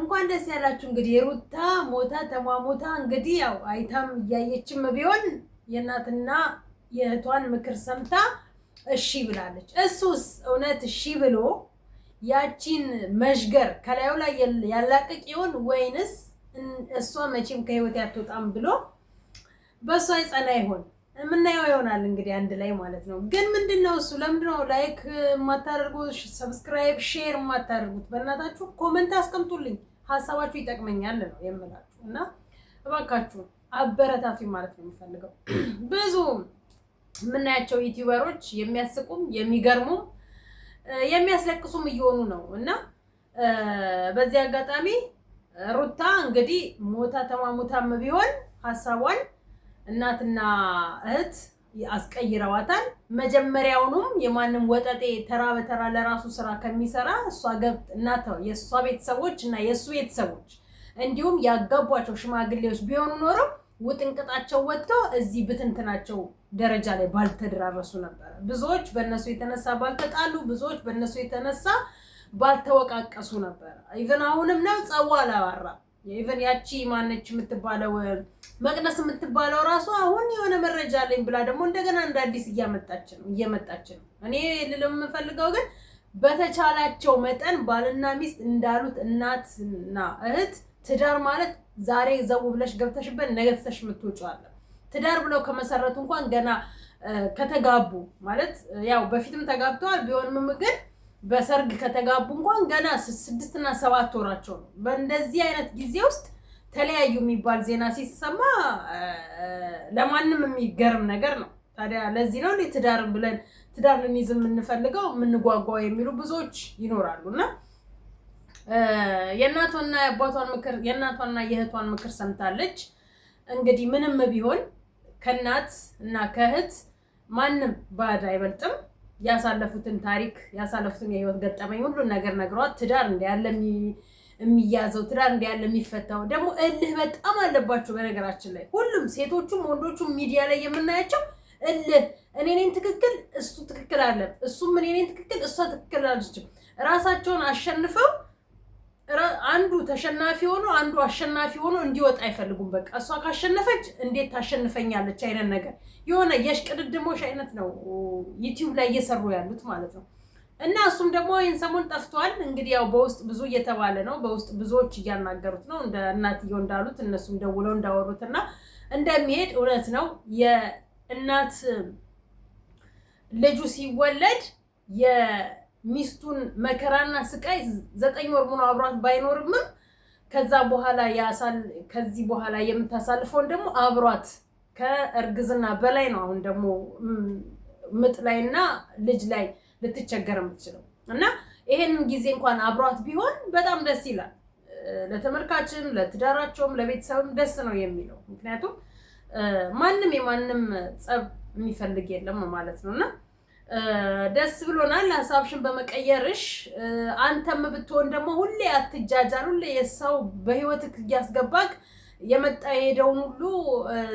እንኳን ደስ ያላችሁ። እንግዲህ የሩታ ሞታ ተሟሞታ እንግዲህ ያው አይታም እያየችም ቢሆን የእናትና የእህቷን ምክር ሰምታ እሺ ብላለች። እሱስ እውነት እሺ ብሎ ያቺን መዥገር ከላዩ ላይ ያላቅቅ ይሆን ወይንስ እሷ መቼም ከህይወት ያትወጣም ብሎ በእሷ ይጸና ይሆን? የምናየው ይሆናል እንግዲህ አንድ ላይ ማለት ነው። ግን ምንድን ነው እሱ ለምንድነው ላይክ የማታደርጉት? ሰብስክራይብ፣ ሼር የማታደርጉት? በእናታችሁ ኮመንት አስቀምጡልኝ። ሀሳባችሁ ይጠቅመኛል ነው የምላችሁ እና እባካችሁ አበረታቱ ማለት ነው የሚፈልገው። ብዙ የምናያቸው ዩቲዩበሮች የሚያስቁም የሚገርሙም የሚያስለቅሱም እየሆኑ ነው እና በዚህ አጋጣሚ ሩታ እንግዲህ ሞታ ተማሙታም ቢሆን ሀሳቧን እናትና እህት አስቀይረዋታል። መጀመሪያውኑም የማንም ወጠጤ ተራ በተራ ለራሱ ስራ ከሚሰራ እሷ ገብት እና የእሷ ቤተሰቦች እና የእሱ ቤተሰቦች እንዲሁም ያጋቧቸው ሽማግሌዎች ቢሆኑ ኖሮ ውጥንቅጣቸው ወጥቶ እዚህ ብትንትናቸው ደረጃ ላይ ባልተደራረሱ ነበረ። ብዙዎች በእነሱ የተነሳ ባልተጣሉ፣ ብዙዎች በእነሱ የተነሳ ባልተወቃቀሱ ነበረ። ኢቨን አሁንም ነው ጸዋ አላባራ ኢቨን ያቺ ማነች የምትባለው መቅደስ የምትባለው ራሱ አሁን የሆነ መረጃ አለኝ ብላ ደግሞ እንደገና እንደ አዲስ እያመጣች ነው እየመጣች ነው። እኔ ልልም የምፈልገው ግን በተቻላቸው መጠን ባልና ሚስት እንዳሉት እናትና እህት ትዳር ማለት ዛሬ ዘው ብለሽ ገብተሽበት ነገ ትተሽ የምትወጪው ትዳር ብለው ከመሰረቱ እንኳን ገና ከተጋቡ ማለት ያው በፊትም ተጋብተዋል ቢሆንም ግን በሰርግ ከተጋቡ እንኳን ገና ስድስትና ሰባት ወራቸው ነው። በእንደዚህ አይነት ጊዜ ውስጥ ተለያዩ የሚባል ዜና ሲሰማ ለማንም የሚገርም ነገር ነው። ታዲያ ለዚህ ነው ትዳር ብለን ትዳር ልንይዝ የምንፈልገው የምንጓጓው የሚሉ ብዙዎች ይኖራሉ እና የእናቷና የአባቷን ምክር የእናቷና የእህቷን ምክር ሰምታለች። እንግዲህ ምንም ቢሆን ከእናት እና ከእህት ማንም ባዕድ አይበልጥም። ያሳለፉትን ታሪክ ያሳለፉትን የህይወት ገጠመኝ ሁሉን ነገር ነግሯት ትዳር እንዲያለ የሚያዘው ትዳር እንዲያለ የሚፈታው ደግሞ እልህ በጣም አለባቸው። በነገራችን ላይ ሁሉም ሴቶቹም ወንዶቹም ሚዲያ ላይ የምናያቸው እልህ እኔኔን ትክክል እሱ ትክክል አለ እሱም እኔኔን ትክክል እሷ ትክክል አለችም ራሳቸውን አሸንፈው አንዱ ተሸናፊ ሆኖ አንዱ አሸናፊ ሆኖ እንዲወጣ አይፈልጉም። በቃ እሷ ካሸነፈች እንዴት ታሸንፈኛለች አይነት ነገር የሆነ የሽቅድድሞሽ አይነት ነው ዩቲዩብ ላይ እየሰሩ ያሉት ማለት ነው። እና እሱም ደግሞ ይህን ሰሞን ጠፍቷል። እንግዲህ ያው በውስጥ ብዙ እየተባለ ነው፣ በውስጥ ብዙዎች እያናገሩት ነው። እንደ እናትየው እንዳሉት እነሱም ደውለው እንዳወሩት እና እንደሚሄድ እውነት ነው። የእናት ልጁ ሲወለድ ሚስቱን መከራና ስቃይ ዘጠኝ ወር ሙሉ አብሯት ባይኖርም ከዛ በኋላ ከዚህ በኋላ የምታሳልፈውን ደግሞ አብሯት ከእርግዝና በላይ ነው። አሁን ደግሞ ምጥ ላይና ልጅ ላይ ልትቸገር የምትችለው እና ይሄንን ጊዜ እንኳን አብሯት ቢሆን በጣም ደስ ይላል። ለተመልካችም፣ ለትዳራቸውም፣ ለቤተሰብም ደስ ነው የሚለው ምክንያቱም ማንም የማንም ጸብ የሚፈልግ የለም ማለት ነው እና ደስ ብሎናል ሀሳብሽን በመቀየርሽ። አንተም ብትሆን ደግሞ ሁሌ አትጃጃል። ሁሌ የሰው በህይወት እያስገባክ የመጣ የሄደውን ሁሉ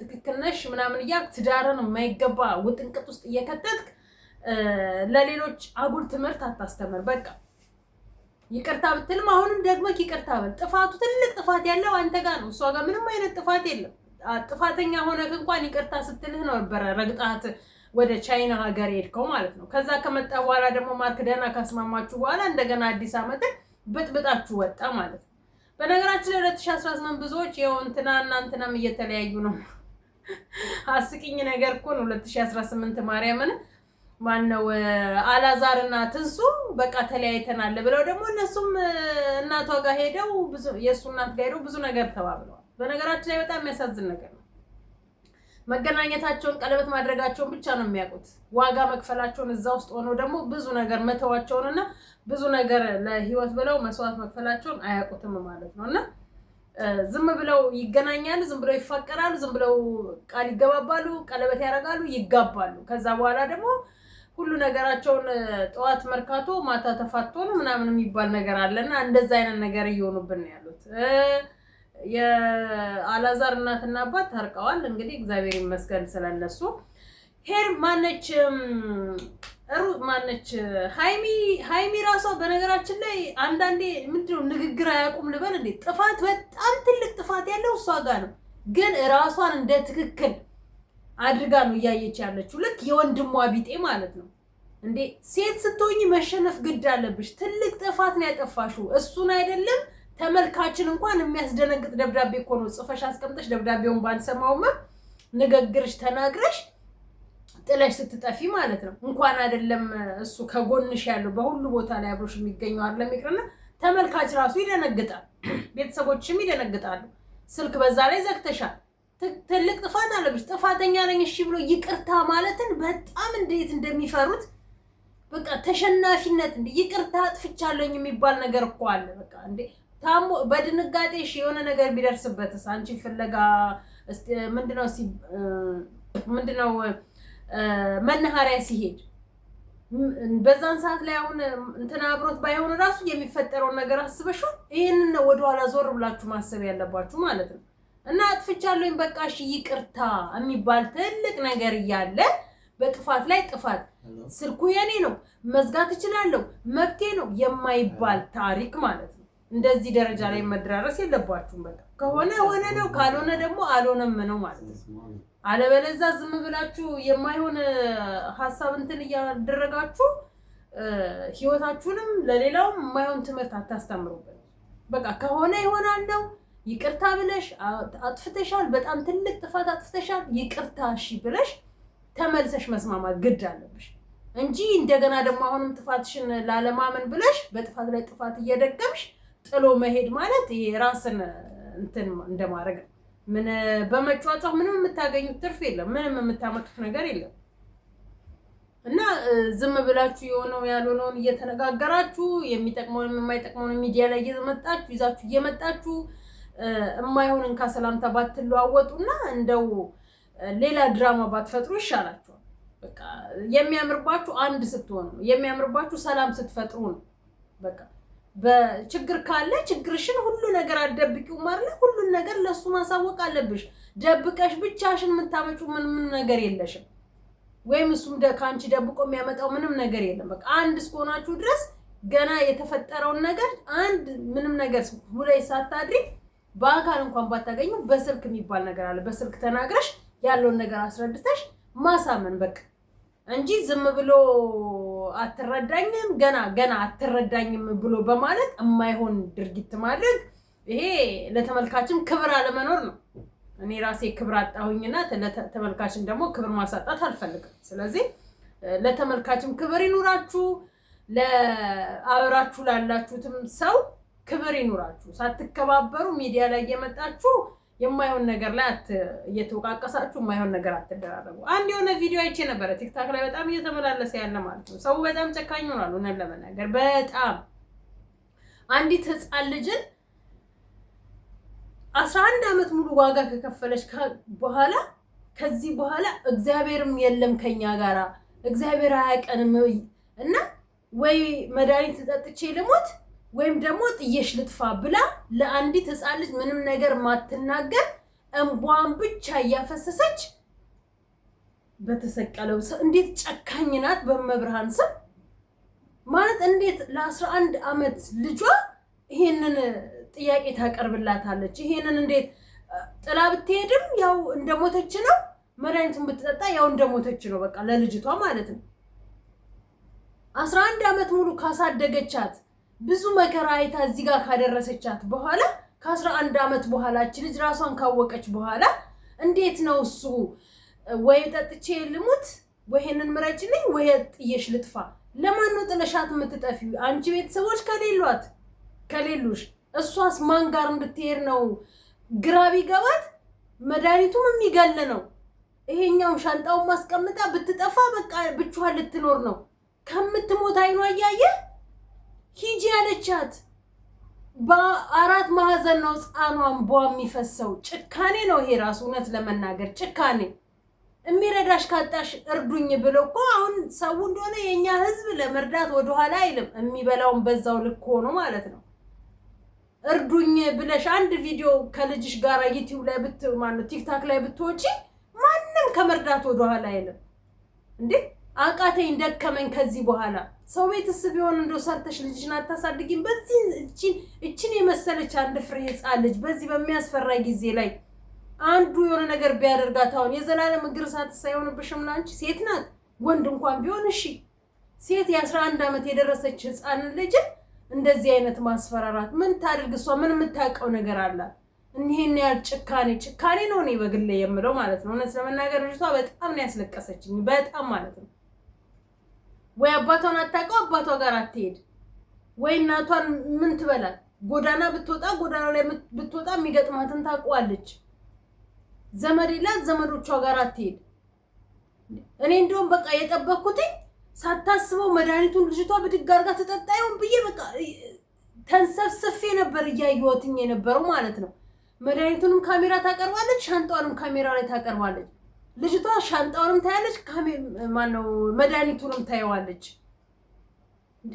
ትክክል ነሽ ምናምን እያልክ ትዳርን የማይገባ ውጥንቅጥ ውስጥ እየከተትክ ለሌሎች አጉል ትምህርት አታስተምር። በቃ ይቅርታ ብትልም አሁንም ደግሞ ይቅርታ በል። ጥፋቱ ትልቅ ጥፋት ያለው አንተ ጋር ነው፣ እሷ ጋር ምንም አይነት ጥፋት የለም። ጥፋተኛ ሆነህ እንኳን ይቅርታ ስትልህ ነው ነበረ ረግጣት ወደ ቻይና ሀገር ሄድከው ማለት ነው። ከዛ ከመጣ በኋላ ደግሞ ማርክ ደህና ካስማማችሁ በኋላ እንደገና አዲስ አመት ብጥብጣችሁ ወጣ ማለት ነው። በነገራችን ላይ 2018 ብዙዎች ያው እንትና እና እንትናም እየተለያዩ ነው። አስቂኝ ነገር እኮ ነው 2018 ማርያምን ማነው አላዛር እና ትንሱ በቃ ተለያይተናል ብለው ደግሞ እነሱም እናቷ ጋር ሄደው የእሱ እናት ጋር ሄደው ብዙ ነገር ተባብለዋል። በነገራችን ላይ በጣም የሚያሳዝን ነገር ነው። መገናኘታቸውን ቀለበት ማድረጋቸውን ብቻ ነው የሚያውቁት። ዋጋ መክፈላቸውን እዛ ውስጥ ሆነው ደግሞ ብዙ ነገር መተዋቸውን እና ብዙ ነገር ለህይወት ብለው መስዋዕት መክፈላቸውን አያውቁትም ማለት ነው። እና ዝም ብለው ይገናኛሉ፣ ዝም ብለው ይፋቀራሉ፣ ዝም ብለው ቃል ይገባባሉ፣ ቀለበት ያደርጋሉ፣ ይጋባሉ። ከዛ በኋላ ደግሞ ሁሉ ነገራቸውን ጠዋት መርካቶ ማታ ተፋቶ ነው ምናምን የሚባል ነገር አለና እንደዛ አይነት ነገር እየሆኑብን ያሉት። የአላዛር እናትና አባት ታርቀዋል። እንግዲህ እግዚአብሔር ይመስገን ስለነሱ። ሄር ማነች ሩ ማነች ሀይሚ ሀይሚ ራሷ በነገራችን ላይ አንዳንዴ ምንድነው ንግግር አያውቁም ልበል እንዴ? ጥፋት በጣም ትልቅ ጥፋት ያለው እሷ ጋር ነው፣ ግን ራሷን እንደ ትክክል አድርጋ ነው እያየች ያለችው። ልክ የወንድሟ ቢጤ ማለት ነው እንዴ ሴት ስትሆኝ መሸነፍ ግድ አለብሽ። ትልቅ ጥፋት ነው ያጠፋሽው እሱን አይደለም ተመልካችን እንኳን የሚያስደነግጥ ደብዳቤ እኮ ነው ጽፈሽ አስቀምጠሽ፣ ደብዳቤውን ባንሰማውማ ንግግርሽ ተናግረሽ ጥለሽ ስትጠፊ ማለት ነው። እንኳን አይደለም እሱ ከጎንሽ ያለው በሁሉ ቦታ ላይ አብሮሽ የሚገኘው አይደለም ይቅርና ተመልካች ራሱ ይደነግጣል፣ ቤተሰቦችም ይደነግጣሉ። ስልክ በዛ ላይ ዘግተሻል። ትልቅ ጥፋት አለብሽ። ጥፋተኛ ነኝ እሺ ብሎ ይቅርታ ማለትን በጣም እንዴት እንደሚፈሩት በቃ ተሸናፊነት እንደ ይቅርታ አጥፍቻለኝ የሚባል ነገር እኮ አለ። በቃ እንዴ ታሞ በድንጋጤ እሺ፣ የሆነ ነገር ቢደርስበትስ? አንቺ ፍለጋ ምንድነው ምንድነው መናኸሪያ ሲሄድ በዛን ሰዓት ላይ አሁን እንትና አብሮት ባይሆን እራሱ የሚፈጠረውን ነገር አስበሽው ይህንን ነው ወደኋላ ዞር ብላችሁ ማሰብ ያለባችሁ ማለት ነው። እና አጥፍቻለሁኝ በቃ እሺ ይቅርታ የሚባል ትልቅ ነገር እያለ በጥፋት ላይ ጥፋት፣ ስልኩ የኔ ነው መዝጋት እችላለሁ መብቴ ነው የማይባል ታሪክ ማለት ነው። እንደዚህ ደረጃ ላይ መድራረስ የለባችሁም። በቃ ከሆነ ሆነ ነው፣ ካልሆነ ደግሞ አልሆነም ነው ማለት ነው። አለበለዛ ዝም ብላችሁ የማይሆን ሀሳብ እንትን እያደረጋችሁ ህይወታችሁንም ለሌላውም የማይሆን ትምህርት አታስተምሩበት። በቃ ከሆነ ይሆናል ነው። ይቅርታ ብለሽ አጥፍተሻል፣ በጣም ትልቅ ጥፋት አጥፍተሻል፣ ይቅርታ እሺ ብለሽ ተመልሰሽ መስማማት ግድ አለብሽ እንጂ እንደገና ደግሞ አሁንም ጥፋትሽን ላለማመን ብለሽ በጥፋት ላይ ጥፋት እየደገምሽ ጥሎ መሄድ ማለት ራስን እንትን እንደማድረግ ነው። ምን በመጫጫው ምንም የምታገኙት ትርፍ የለም። ምንም የምታመጡት ነገር የለም። እና ዝም ብላችሁ የሆነው ያልሆነውን እየተነጋገራችሁ የሚጠቅመውን የማይጠቅመውን ሚዲያ ላይ እየመጣችሁ ይዛችሁ እየመጣችሁ የማይሆንን ከሰላምታ ባትለዋወጡ እና እንደው ሌላ ድራማ ባትፈጥሩ ይሻላችኋል። በቃ የሚያምርባችሁ አንድ ስትሆኑ የሚያምርባችሁ ሰላም ስትፈጥሩ ነው በቃ በችግር ካለ ችግርሽን ሁሉ ነገር አደብቂው ማለ ሁሉን ነገር ለሱ ማሳወቅ አለብሽ። ደብቀሽ ብቻሽን የምታመጩ ምን ነገር የለሽም፣ ወይም እሱም ከአንቺ ደብቆ የሚያመጣው ምንም ነገር የለም። በቃ አንድ እስከሆናችሁ ድረስ ገና የተፈጠረውን ነገር አንድ ምንም ነገር ሁላይ ሳታድሪ በአካል እንኳን ባታገኙ በስልክ የሚባል ነገር አለ። በስልክ ተናግረሽ ያለውን ነገር አስረድተሽ ማሳመን በቃ እንጂ ዝም ብሎ አትረዳኝም ገና ገና አትረዳኝም ብሎ በማለት የማይሆን ድርጊት ማድረግ ይሄ ለተመልካችም ክብር አለመኖር ነው። እኔ ራሴ ክብር አጣሁኝና ተመልካችም ደግሞ ክብር ማሳጣት አልፈልግም። ስለዚህ ለተመልካችም ክብር ይኑራችሁ፣ ለአብራችሁ ላላችሁትም ሰው ክብር ይኑራችሁ። ሳትከባበሩ ሚዲያ ላይ እየመጣችሁ የማይሆን ነገር ላይ እየተወቃቀሳችሁ የማይሆን ነገር አትደራረጉ። አንድ የሆነ ቪዲዮ አይቼ ነበረ ቲክታክ ላይ በጣም እየተመላለሰ ያለ ማለት ነው። ሰው በጣም ጨካኝ ሆኗል። እውነት ለመናገር በጣም አንዲት ህፃን ልጅን አስራ አንድ ዓመት ሙሉ ዋጋ ከከፈለች በኋላ ከዚህ በኋላ እግዚአብሔርም የለም ከኛ ጋራ እግዚአብሔር አያቀንም እና ወይ መድኃኒት ጠጥቼ ልሞት ወይም ደግሞ ጥየሽ ልጥፋ ብላ ለአንዲት ህፃን ልጅ ምንም ነገር ማትናገር እንቧን ብቻ እያፈሰሰች በተሰቀለው ሰው እንዴት ጨካኝ ናት! በመብርሃን ስም ማለት እንዴት ለአስራ አንድ ዓመት ልጇ ይሄንን ጥያቄ ታቀርብላታለች? ይሄንን እንዴት ጥላ ብትሄድም ያው እንደሞተች ነው፣ መድኃኒቱን ብትጠጣ ያው እንደሞተች ነው። በቃ ለልጅቷ ማለት ነው አስራ አንድ ዓመት ሙሉ ካሳደገቻት ብዙ መከራ አይታ እዚህ ጋር ካደረሰቻት በኋላ ከአስራ አንድ ዓመት በኋላ እች ልጅ ራሷን ካወቀች በኋላ እንዴት ነው እሱ ወይ ጠጥቼ ልሙት ወይንን ምረጭልኝ ወይ ጥየሽ ልጥፋ ለማን ነው ጥለሻት የምትጠፊ አንቺ ቤተሰቦች ከሌሏት ከሌሉሽ እሷስ ማን ጋር እንድትሄድ ነው ግራ ቢገባት መድኃኒቱም የሚገል ነው ይሄኛው ሻንጣውን ማስቀምጣ ብትጠፋ በቃ ብቻዋን ልትኖር ነው ከምትሞት አይኗ እያየህ ሂጂ ያለቻት በአራት ማዕዘን ነው ሕፃኗን ቧ የሚፈሰው። ጭካኔ ነው ይሄ ራሱ እውነት ለመናገር ጭካኔ። የሚረዳሽ ካጣሽ እርዱኝ ብሎ እኮ አሁን ሰው እንደሆነ የእኛ ህዝብ ለመርዳት ወደኋላ አይልም። የሚበላውን በዛው ልክ ሆኖ ማለት ነው። እርዱኝ ብለሽ አንድ ቪዲዮ ከልጅሽ ጋር ዩቲዩብ ላይ ብት ማነው ቲክታክ ላይ ብትወጪ ማንም ከመርዳት ወደኋላ አይልም እንዴ አቃተኝ፣ ደከመኝ። ከዚህ በኋላ ሰው ቤትስ ቢሆን እንደው ሰርተሽ ልጅሽን አታሳድጊም? በዚህ እቺን እቺን የመሰለች አንድ ፍሬ ሕፃን ልጅ በዚህ በሚያስፈራ ጊዜ ላይ አንዱ የሆነ ነገር ቢያደርጋት አሁን የዘላለም እግር እሳት ሳይሆንብሽም አንቺ ሴት ናት፣ ወንድ እንኳን ቢሆን እሺ፣ ሴት የአስራ አንድ ዓመት የደረሰች ሕፃን ልጅ እንደዚህ አይነት ማስፈራራት ምን ታድርግ? እሷ ምን የምታውቀው ነገር አለ እኒህን ያህል ጭካኔ ጭካኔ ነው እኔ በግሌ የምለው ማለት ነው። እውነት ለመናገር ልጅቷ በጣም ነው ያስለቀሰችኝ፣ በጣም ማለት ነው። ወይ አባቷን አታውቀው፣ አባቷ ጋር አትሄድ፣ ወይ እናቷን ምን ትበላል። ጎዳና ብትወጣ ጎዳና ላይ ብትወጣ የሚገጥማትን ታውቀዋለች። ዘመድ የላት፣ ዘመዶቿ ጋር አትሄድ። እኔ እንደውም በቃ የጠበኩትኝ ሳታስበው መድኃኒቱን ልጅቷ ብድግ አድርጋ ተጠጣ ይሆን ብዬ በቃ ተንሰፍስፌ ነበር እያየኋትኝ የነበረው ማለት ነው። መድኃኒቱንም ካሜራ ታቀርባለች፣ ሻንጣዋንም ካሜራ ላይ ታቀርባለች። ልጅቷ ሻንጣውንም ታያለች፣ ማነው መድኃኒቱንም ታየዋለች። እንዴ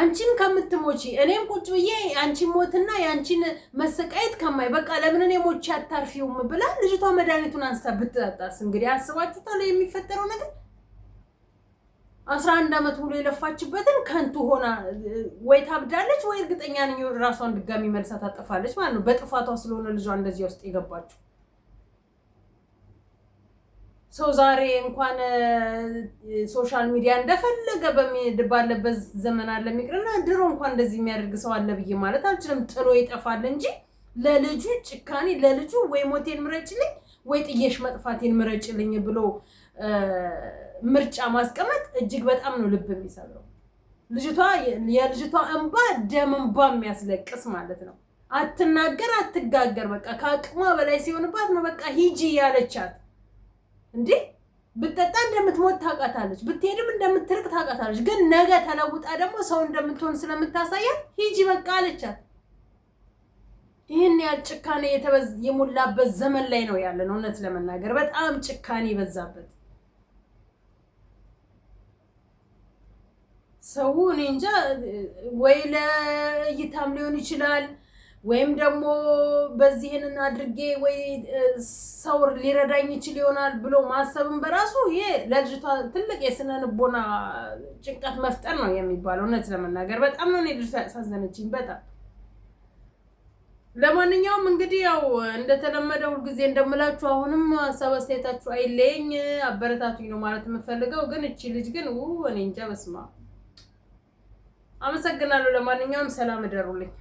አንቺን ከምትሞቺ እኔም ቁጭ ብዬ አንቺን ሞትና የአንቺን መሰቃየት ከማይ በቃ ለምን እኔ ሞቼ አታርፊውም ብላ ልጅቷ መድኃኒቱን አንስታ ብትጠጣስ? እንግዲህ አስባችሁታል የሚፈጠረው ነገር። አስራ አንድ ዓመት ሙሉ የለፋችበትን ከንቱ ሆና ወይ ታብዳለች ወይ እርግጠኛ ነኝ ራሷን ድጋሚ መልሳ ታጠፋለች ማለት ነው። በጥፋቷ ስለሆነ ልጇ እንደዚያ ውስጥ የገባችው ሰው ዛሬ እንኳን ሶሻል ሚዲያ እንደፈለገ በሚሄድ ባለበት ዘመን አለ የሚቅርና ድሮ እንኳን እንደዚህ የሚያደርግ ሰው አለ ብዬ ማለት አልችልም። ጥሎ ይጠፋል እንጂ ለልጁ ጭካኔ ለልጁ ወይ ሞቴን ምረጭልኝ ወይ ጥየሽ መጥፋቴን ምረጭልኝ ብሎ ምርጫ ማስቀመጥ እጅግ በጣም ነው ልብ የሚሰብረው። ልጅቷ የልጅቷ እንባ ደም እንባ የሚያስለቅስ ማለት ነው። አትናገር፣ አትጋገር። በቃ ከአቅሟ በላይ ሲሆንባት ነው በቃ ሂጂ ያለቻት እንዴ ብጠጣ እንደምትሞት ታውቃታለች፣ ብትሄድም እንደምትርቅ ታውቃታለች። ግን ነገ ተለውጣ ደግሞ ሰው እንደምትሆን ስለምታሳያት ሂጂ በቃ አለቻት። ይህን ያህል ጭካኔ የሞላበት ዘመን ላይ ነው ያለን። እውነት ለመናገር በጣም ጭካኔ የበዛበት ሰው እኔ እንጃ ወይ ለእይታም ሊሆን ይችላል ወይም ደግሞ በዚህን አድርጌ ወይ ሰው ሊረዳኝ ይችል ይሆናል ብሎ ማሰብን በራሱ ይሄ ለልጅቷ ትልቅ የስነ ልቦና ጭንቀት መፍጠር ነው የሚባለው። እውነት ለመናገር በጣም ነው ልጅቷ ያሳዘነችኝ በጣም። ለማንኛውም እንግዲህ ያው እንደተለመደ ሁልጊዜ እንደምላችሁ አሁንም ሀሳብ አስተያየታችሁ አይለየኝ፣ አበረታቱኝ ነው ማለት የምፈልገው። ግን እቺ ልጅ ግን እኔ እንጃ፣ በስመ አብ። አመሰግናለሁ። ለማንኛውም ሰላም እደሩልኝ።